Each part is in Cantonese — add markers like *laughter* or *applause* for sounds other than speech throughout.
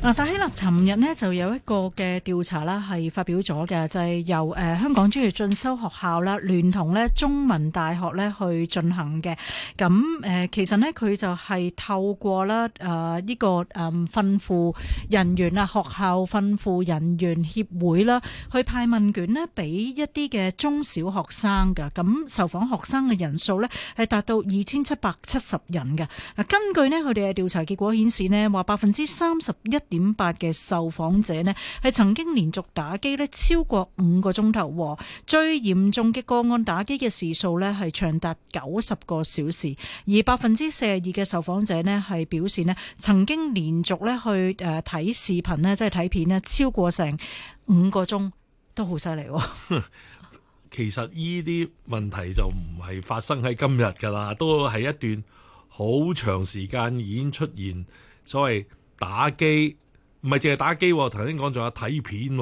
嗱，大喜樂尋日呢，就有一個嘅調查啦，係發表咗嘅，就係、是、由誒、呃、香港專業進修學校啦聯同咧中文大學咧去進行嘅。咁、嗯、誒、呃，其實呢，佢就係透過啦誒呢個誒訓輔人員啊，學校訓輔人員協會啦，去派問卷呢俾一啲嘅中小學生噶。咁、嗯、受訪學生嘅人數呢，係達到二千七百七十人嘅。根據呢，佢哋嘅調查結果顯示呢，話百分之三十一點八嘅受訪者呢，係曾經連續打機呢超過五個鐘頭，最嚴重嘅個案打機嘅時數呢，係長達九十個小時，而百分之四十二嘅受訪者呢，係表示呢曾經連續呢去誒睇視頻咧，即係睇片呢超過成五個鐘都好犀利。其實呢啲問題就唔係發生喺今日噶啦，都係一段好長時間已經出現所謂。打機唔係淨係打機，頭先講仲有睇片。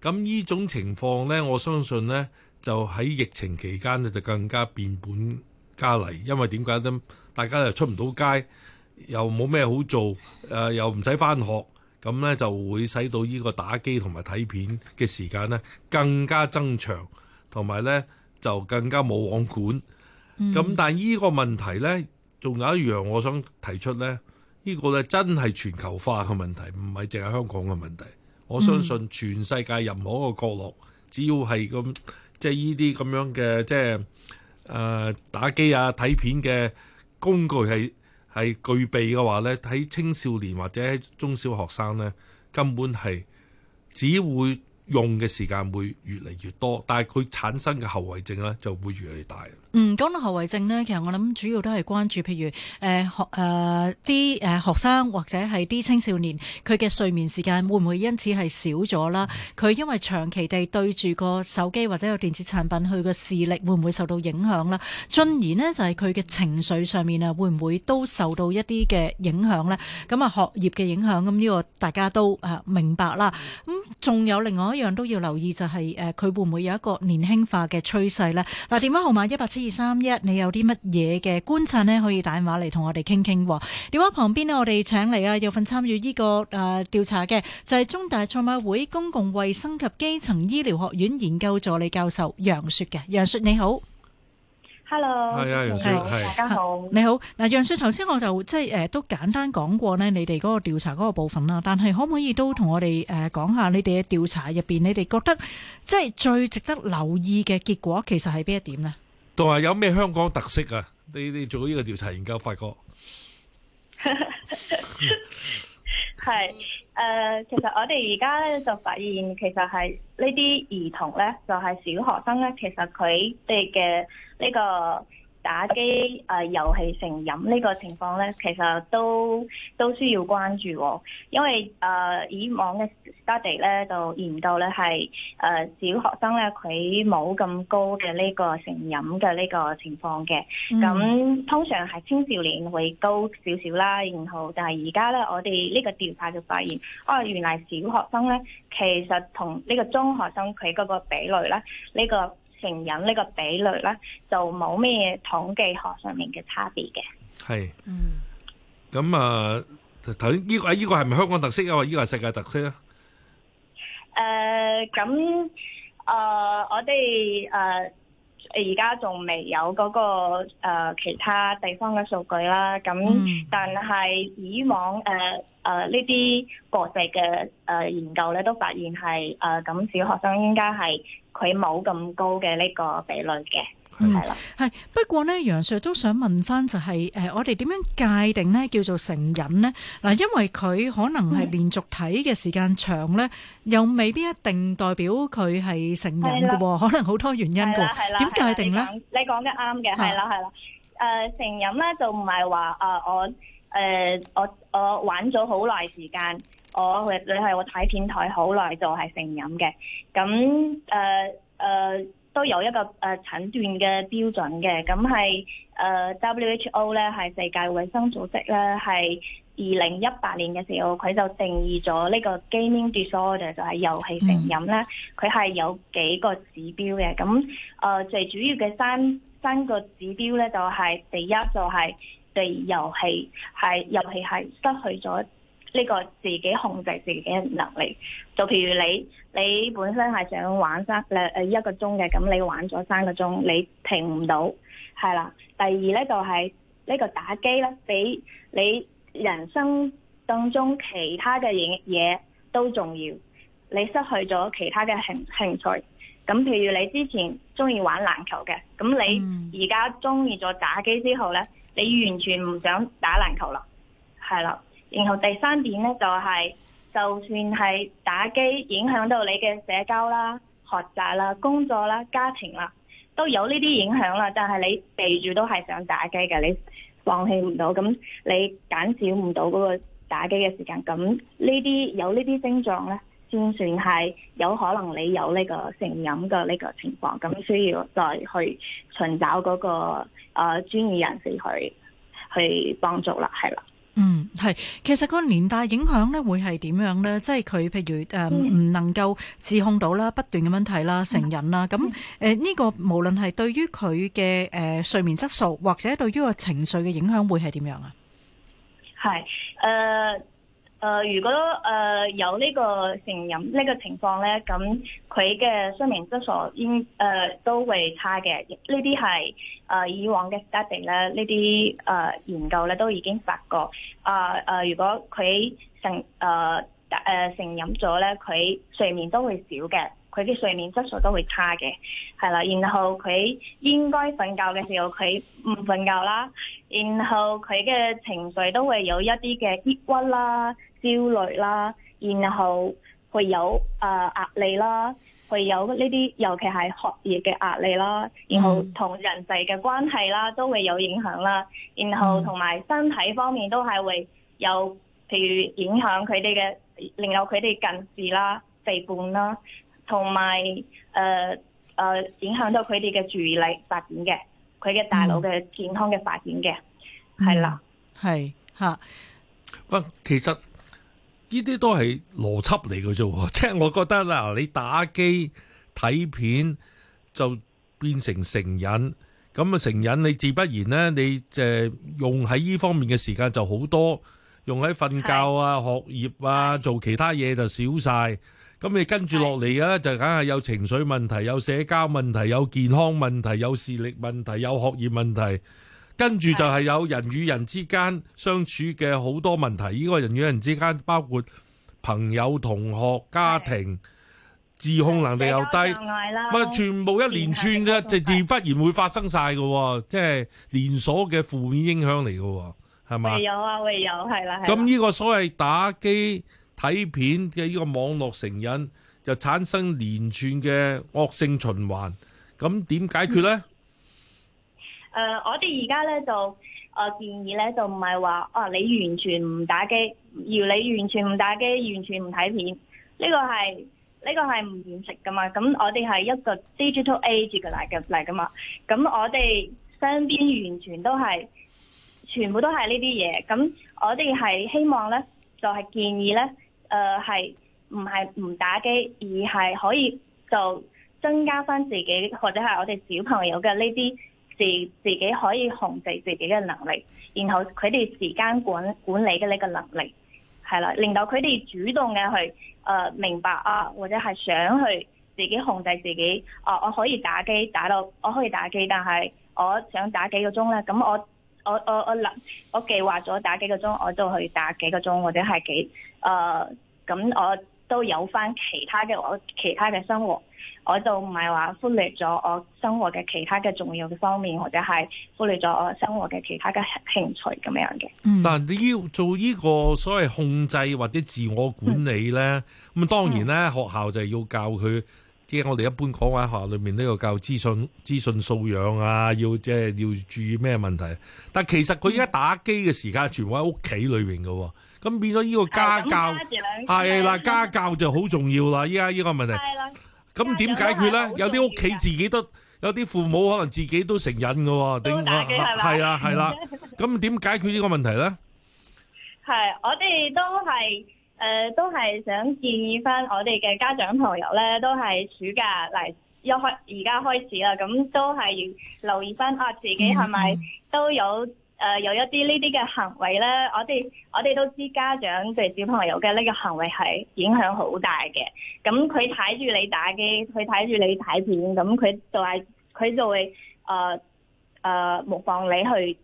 咁呢種情況呢，我相信呢就喺疫情期間呢就更加變本加厲，因為點解呢？大家又出唔到街，又冇咩好做，誒、呃、又唔使翻學，咁呢就會使到呢個打機同埋睇片嘅時間呢更加增長，同埋呢就更加冇網管。咁但係呢個問題呢，仲有一樣我想提出呢。呢個咧，真係全球化嘅問題，唔係淨係香港嘅問題，我相信全世界任何一個角落，只要係咁即係呢啲咁樣嘅即係誒、呃、打機啊、睇片嘅工具係係具備嘅話咧，喺青少年或者中小學生咧，根本係只會用嘅時間會越嚟越多，但係佢產生嘅後遺症咧就會越嚟越大。嗯，講到後遺症呢，其實我諗主要都係關注，譬如誒、欸、學誒啲誒學生或者係啲青少年，佢嘅睡眠時間會唔會因此係少咗啦？佢因為長期地對住個手機或者個電子產品，佢嘅視力會唔會受到影響啦？進而呢，就係佢嘅情緒上面啊，會唔會都受到一啲嘅影響呢？咁啊學業嘅影響，咁呢個大家都誒明白啦。咁仲有另外一樣都要留意就係誒佢會唔會有一個年輕化嘅趨勢呢？嗱，電話號碼一八七二三一，1> 1, 你有啲乜嘢嘅觀察呢？可以打電話嚟同我哋傾傾。電話旁邊呢，我哋請嚟啊，有份參與呢個誒調、呃、查嘅就係、是、中大賽馬會公共衛生及基層醫療學院研究助理教授楊雪嘅。楊雪你好，Hello，係啊 Hi, hi, 好，楊雪，大家好，啊、你好嗱。楊雪頭先我就即係誒都簡單講過呢，你哋嗰個調查嗰個部分啦。但係可唔可以都同我哋誒講下你哋嘅調查入邊，你哋覺得即係最值得留意嘅結果，其實係邊一點呢？仲話有咩香港特色啊？你你做呢個調查研究發覺係誒，其實我哋而家咧就發現，其實係呢啲兒童咧，就係小學生咧，其實佢哋嘅呢個。打機誒、呃、遊戲成癮呢個情況咧，其實都都需要關注，因為誒、呃、以往嘅 study 咧就研究咧係誒小學生咧佢冇咁高嘅呢個成癮嘅呢個情況嘅，咁通常係青少年會高少少啦，然後但係而家咧我哋呢個調查就發現，哦、啊、原來小學生咧其實同呢個中學生佢嗰個比率咧呢、這個。成人呢個比率咧，就冇咩統計學上面嘅差別嘅。係是，嗯，咁啊、嗯，頭先呢個呢、呢個係咪香港特色啊？或者呢個係世界特色啊？誒、呃，咁誒、呃，我哋誒。呃而家仲未有嗰個誒其他地方嘅數據啦，咁但係以往誒誒呢啲國際嘅誒研究咧，都發現係誒咁小學生應該係佢冇咁高嘅呢個比率嘅。嗯，係的。不過咧，楊雪都想問翻就係、是、誒、呃，我哋點樣界定咧叫做成癮咧？嗱，因為佢可能係連續睇嘅時間長咧，嗯、又未必一定代表佢係成癮噶喎，的可能好多原因噶。點界定咧？你講得啱嘅，係啦，係啦、啊。誒、呃，成癮咧就唔係話誒我誒、呃、我、呃、我玩咗好耐時間，我你係我睇片台好耐就係成癮嘅。咁誒誒。呃呃呃都有一個誒、呃、診斷嘅標準嘅，咁係誒 WHO 咧，係世界衞生組織咧，係二零一八年嘅時候，佢就定義咗呢個 gaming disorder 就係遊戲成癮咧。佢係、嗯、有幾個指標嘅，咁誒、呃、最主要嘅三三個指標咧，就係、是、第一就係對遊戲係遊戲係失去咗。呢個自己控制自己嘅能力，就譬如你，你本身係想玩三誒誒一個鐘嘅，咁你玩咗三個鐘，你停唔到，係啦。第二咧就係、是、呢個打機咧，比你人生當中其他嘅嘢嘢都重要。你失去咗其他嘅興興趣，咁譬如你之前中意玩籃球嘅，咁你而家中意咗打機之後咧，你完全唔想打籃球啦，係啦。然後第三點咧就係，就，是、就算係打機影響到你嘅社交啦、學習啦、工作啦、家庭啦，都有呢啲影響啦。但係你避住都係想打機嘅，你放棄唔到，咁你減少唔到嗰個打機嘅時間，咁呢啲有呢啲症狀咧，先算係有可能你有呢個成癮嘅呢個情況，咁需要再去尋找嗰、嗰個誒、呃、專業人士去去幫助啦，係啦。嗯，係，其實個年代影響咧會係點樣咧？即係佢譬如誒唔、呃嗯、能夠自控到啦，不斷咁樣睇啦，成癮啦，咁誒呢個無論係對於佢嘅誒睡眠質素或者對於個情緒嘅影響會係點樣啊？係誒。呃誒、呃，如果誒、呃、有呢個成癮呢個情況咧，咁佢嘅睡眠質素應誒、呃、都會差嘅。呢啲係誒以往嘅 study 咧，呢啲誒研究咧都已經發覺。誒、呃、誒、呃，如果佢成誒誒成癮咗咧，佢、呃呃、睡眠都會少嘅，佢啲睡眠質素都會差嘅。係啦，然後佢應該瞓覺嘅時候佢唔瞓覺啦，然後佢嘅情緒都會有一啲嘅抑鬱啦。焦慮啦，然後會有誒、呃、壓力啦，會有呢啲，尤其係學業嘅壓力啦，然後同人際嘅關係啦，都會有影響啦。然後同埋身體方面都係會有，譬如影響佢哋嘅，令到佢哋近視啦、肥胖啦，同埋誒誒影響到佢哋嘅注意力發展嘅，佢嘅大腦嘅健康嘅發展嘅，係、嗯、啦，係吓。喂，其實。.呢啲都係邏輯嚟嘅啫，即、就、係、係、我覺得啦、啊，你打機睇片就變成成癮，咁啊成癮你自不然呢，你即、呃、用喺呢方面嘅時間就好多，用喺瞓覺啊、學業啊、做其他嘢就少晒。咁你跟住落嚟嘅就梗係有情緒問題、有社交問題、有健康問題、有視力問題、有學業問題。跟住就係有人與人之間相處嘅好多問題，呢個人與人之間包括朋友、同學、家庭，的自控能力又低，全部一連串嘅，自然不然會發生曬嘅，即係連鎖嘅負面影響嚟嘅，係咪？會有啊，會有，係啦。咁呢個所謂打機睇片嘅呢個網絡成癮，就產生連串嘅惡性循環，咁點解決呢？嗯誒、uh,，我哋而家咧就誒建議咧，就唔係話啊你完全唔打機，要你完全唔打機，完全唔睇片呢、呢個係呢、呢個係唔現實噶嘛。咁我哋係一個 digital age 嚟嘅嚟噶嘛。咁我哋身邊完全都係全部都係呢啲嘢。咁我哋係希望咧，就係、是、建議咧，誒係唔係唔打機，而係可以就增加翻自己或者係我哋小朋友嘅呢啲。自自己可以控制自己嘅能力，然後佢哋時間管管理嘅呢個能力係啦，令到佢哋主動嘅去誒、呃、明白啊，或者係想去自己控制自己啊，我可以打機打到，我可以打機，但係我想打幾個鐘咧，咁我我我我諗，我計劃咗打幾個鐘，我就去打幾個鐘，或者係幾誒咁、呃、我。都有翻其他嘅我其他嘅生活，我就唔係話忽略咗我生活嘅其他嘅重要嘅方面，或者係忽略咗我生活嘅其他嘅興趣咁樣嘅。但嗱、嗯嗯、你要做呢個所謂控制或者自我管理咧，咁、嗯、當然咧，學校就係要教佢，即係我哋一般講話學校裏面都要教資訊資訊素養啊，要即係要注意咩問題，但其實佢而家打機嘅時間全部喺屋企裏邊嘅。咁變咗呢個家教係啦，家教就好重要啦。依家呢個問題，咁點解決咧？有啲屋企自己都，有啲父母可能自己都成癮嘅，點啊？係啊，係啦。咁點解決呢個問題咧？係我哋都係誒，都係想建議翻我哋嘅家長朋友咧，都係暑假嚟，一開而家開始啦。咁都係留意翻啊，自己係咪都有？誒、呃、有一啲呢啲嘅行為咧，我哋我哋都知家長對小朋友嘅呢個行為係影響好大嘅。咁佢睇住你打機，佢睇住你睇片，咁佢就係佢就會誒誒模仿你去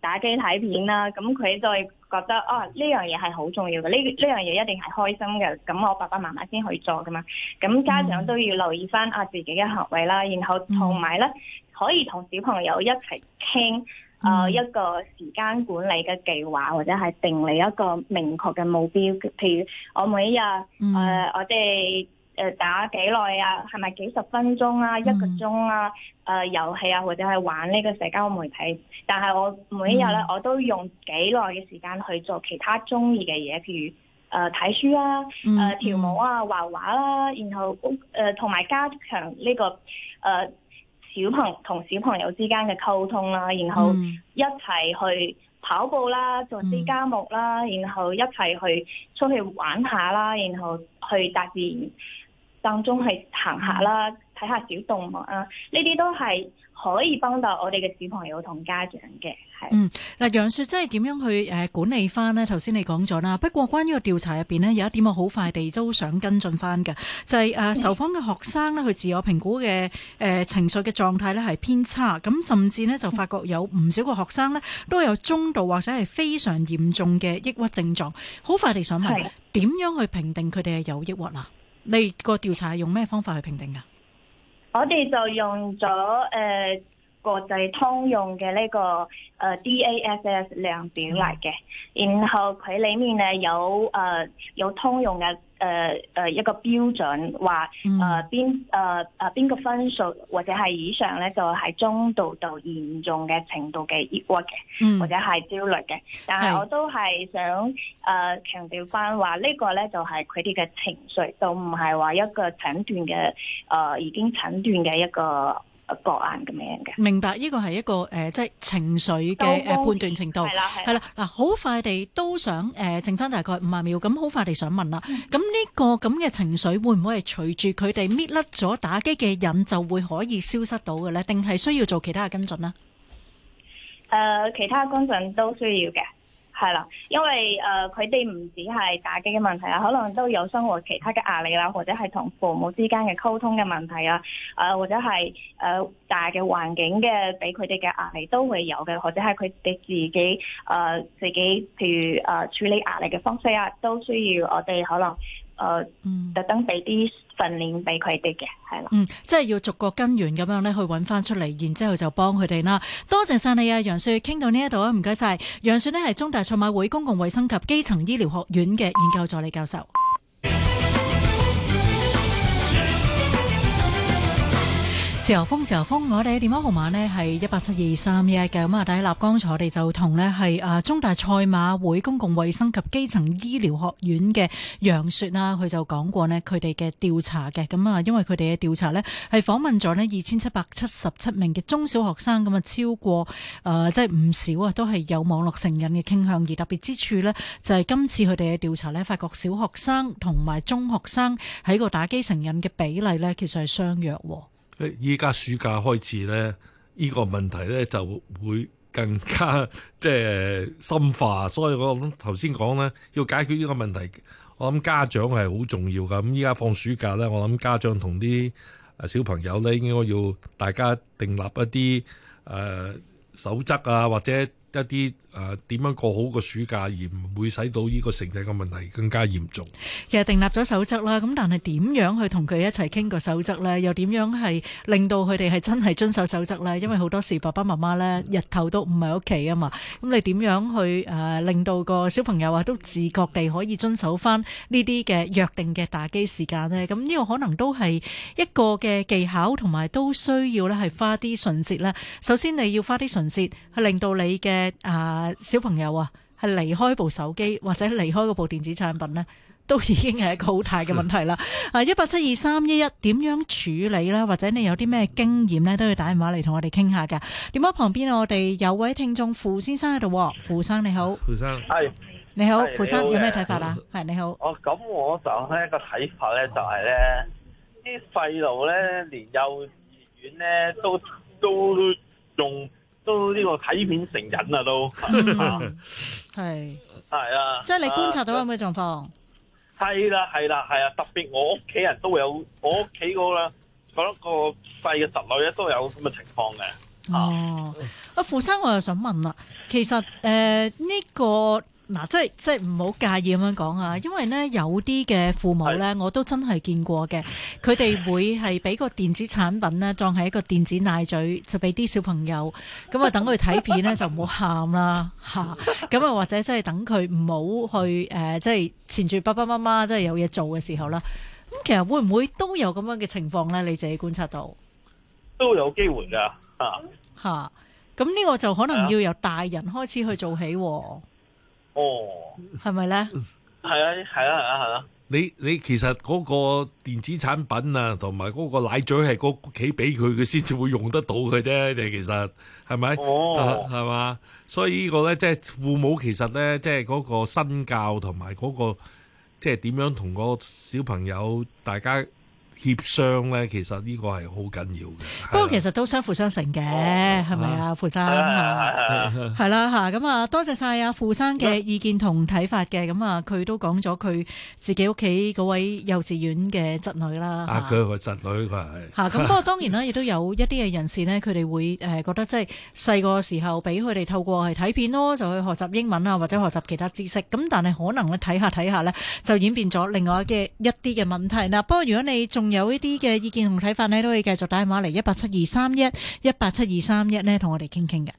打機睇片啦。咁佢就會覺得哦，呢樣嘢係好重要嘅，呢呢樣嘢一定係開心嘅。咁我爸爸媽媽先去做噶嘛。咁家長都要留意翻啊，自己嘅行為啦，然後同埋咧可以同小朋友一齊傾。誒、呃，一個時間管理嘅計劃，或者係定立一個明確嘅目標。譬如我每一日誒、嗯呃，我哋誒打幾耐啊？係咪幾十分鐘啊？嗯、一個鐘啊？誒、呃，遊戲啊，或者係玩呢個社交媒體。但係我每一日咧，嗯、我都用幾耐嘅時間去做其他中意嘅嘢，譬如誒睇、呃、書啦、啊，誒、呃、跳舞啊，畫畫啦，然後誒同埋加強呢、這個誒。呃小朋友同小朋友之間嘅溝通啦，然後一齊去跑步啦，做啲家務啦，然後一齊去出去玩下啦，然後去大自然當中去行下啦。睇下小動物啦、啊，呢啲都係可以幫到我哋嘅小朋友同家長嘅。係。嗯，嗱，楊雪即係點樣去誒、呃、管理翻呢？頭先你講咗啦，不過關於個調查入邊呢，有一點，我好快地都想跟進翻嘅就係誒受訪嘅學生呢，佢自我評估嘅誒、呃、情緒嘅狀態呢係偏差咁，甚至呢，就發覺有唔少個學生呢，都有中度或者係非常嚴重嘅抑鬱症狀。好快地想問點樣去評定佢哋係有抑鬱呀？你個調查係用咩方法去評定㗎？我哋就用咗誒、呃、國際通用嘅呢、這個誒、呃、DASS 量表嚟嘅，然後佢裏面咧有誒、呃、有通用嘅。誒誒、呃、一個標準，話誒邊誒誒邊個分數或者係以上咧，就係、是、中度到嚴重嘅程度嘅抑鬱嘅，嗯、或者係焦慮嘅。但係我都係想誒、呃、強調翻話，呢個咧就係佢哋嘅情緒，就唔係話一個診斷嘅誒、呃、已經診斷嘅一個。各眼嘅名嘅，明白呢個係一個誒，即係情緒嘅誒判斷程度。係啦，係啦。嗱，好快地都想誒剩翻大概五十秒。咁好快地想問啦，咁呢個咁嘅情緒會唔會係隨住佢哋搣甩咗打機嘅癮，就會可以消失到嘅咧？定係需要做其他嘅跟進咧？誒，其他跟進都需要嘅。係啦，因為誒佢哋唔止係打機嘅問題啦，可能都有生活其他嘅壓力啦，或者係同父母之間嘅溝通嘅問題啊，誒、呃、或者係誒、呃、大嘅環境嘅俾佢哋嘅壓力都會有嘅，或者係佢哋自己誒、呃、自己譬、呃、如誒、呃、處理壓力嘅方式啊，都需要我哋可能。誒，嗯，特登俾啲訓練俾佢哋嘅。係啦，嗯，即係要逐個根源咁樣咧，去揾翻出嚟，然之後就幫佢哋啦。多謝晒你啊，楊雪，傾到呢一度啊，唔該晒。楊雪呢係中大賽馬會公共衛生及基層醫療學院嘅研究助理教授。自由風，自由風，我哋嘅電話號碼呢係一八七二三一嘅。咁啊，喺立江坐，我哋就同呢係誒中大賽馬會公共衛生及基層醫療學院嘅楊雪啦。佢就講過呢，佢哋嘅調查嘅咁啊，因為佢哋嘅調查呢係訪問咗呢二千七百七十七名嘅中小學生咁啊，超過誒即係唔少啊，都係有網絡成癮嘅傾向。而特別之處呢，就係今次佢哋嘅調查呢，發覺小學生同埋中學生喺個打機成癮嘅比例呢，其實係相若。依家暑假開始咧，呢、呢個問題咧就會更加即係深化，所以我諗頭先講咧，要解決呢個問題，我諗家長係好重要㗎。咁依家放暑假咧，我諗家長同啲小朋友咧應該要大家訂立一啲誒、呃、守則啊，或者。一啲誒點樣過好個暑假，而唔會使到呢個成績嘅問題更加嚴重。其實訂立咗守則啦，咁但係點樣去同佢一齊傾個守則咧？又點樣係令到佢哋係真係遵守守則咧？因為好多時爸爸媽媽咧日頭都唔喺屋企啊嘛。咁你點樣去誒令到個小朋友啊都自覺地可以遵守翻呢啲嘅約定嘅打機時間咧？咁呢個可能都係一個嘅技巧，同埋都需要咧係花啲唇舌啦。首先你要花啲唇舌去令到你嘅。誒小朋友啊，係離開部手機或者離開部電子產品呢，都已經係一個好大嘅問題啦。啊，一八七二三一一，點樣處理咧？或者你有啲咩經驗呢，都要打電話嚟同我哋傾下㗎。點解旁邊我哋有位聽眾傅先生喺度？傅生你好，傅生係你好，傅生有咩睇法啊？係你好。哦，咁我想呢個睇法呢，就係呢啲細路呢，連幼稚園呢，都都用。都呢個睇片成癮 *laughs* 啊！都係係啊，即係你觀察到有咩呢個狀況？係啦、啊，係啦、啊，係啊，啊，啊！特別我屋企人都會有，我屋企嗰個啦，嗰個細嘅侄女咧都有咁嘅情況嘅。哦，阿、啊啊、傅生，我又想問啦，其實誒呢、呃這個。嗱，即係即係唔好介意咁樣講啊，因為咧有啲嘅父母咧，我都真係見過嘅。佢哋會係俾個電子產品咧，裝喺一個電子奶嘴，就俾啲小朋友咁啊，等佢睇片咧就唔好喊啦吓。咁啊，或者即係等佢唔好去誒、呃，即係纏住爸爸媽媽，即係有嘢做嘅時候啦。咁、啊、其實會唔會都有咁樣嘅情況咧？你自己觀察到都有機會噶吓。咁、啊、呢、啊、個就可能要由大人開始去做起。啊哦，係咪咧？係 *laughs* 啊，係啊，係啊，係啊！啊你你其實嗰個電子產品啊，同埋嗰個奶嘴係屋企俾佢，佢先至會用得到嘅啫。你其實係咪？哦，係嘛，啊。所以呢個咧，即係父母其實咧，即係嗰個身教同埋嗰個，即係點樣同個小朋友大家。協商咧，其實呢個係好緊要嘅。不過其實都相輔相成嘅，係咪啊，傅生？係啦，嚇咁啊，多謝晒啊，傅生嘅意見同睇法嘅。咁啊，佢都講咗佢自己屋企嗰位幼稚園嘅侄女啦。啊，佢係個侄女，佢係嚇。咁不過當然啦，亦都有一啲嘅人士呢，佢哋會誒覺得即係細個時候俾佢哋透過係睇片咯，就去學習英文啊，或者學習其他知識。咁但係可能咧睇下睇下呢，就演變咗另外嘅一啲嘅問題啦。不過如果你仲有呢啲嘅意見同睇法咧，都可以繼續打電話嚟一八七二三一一八七二三一咧，同我哋傾傾嘅。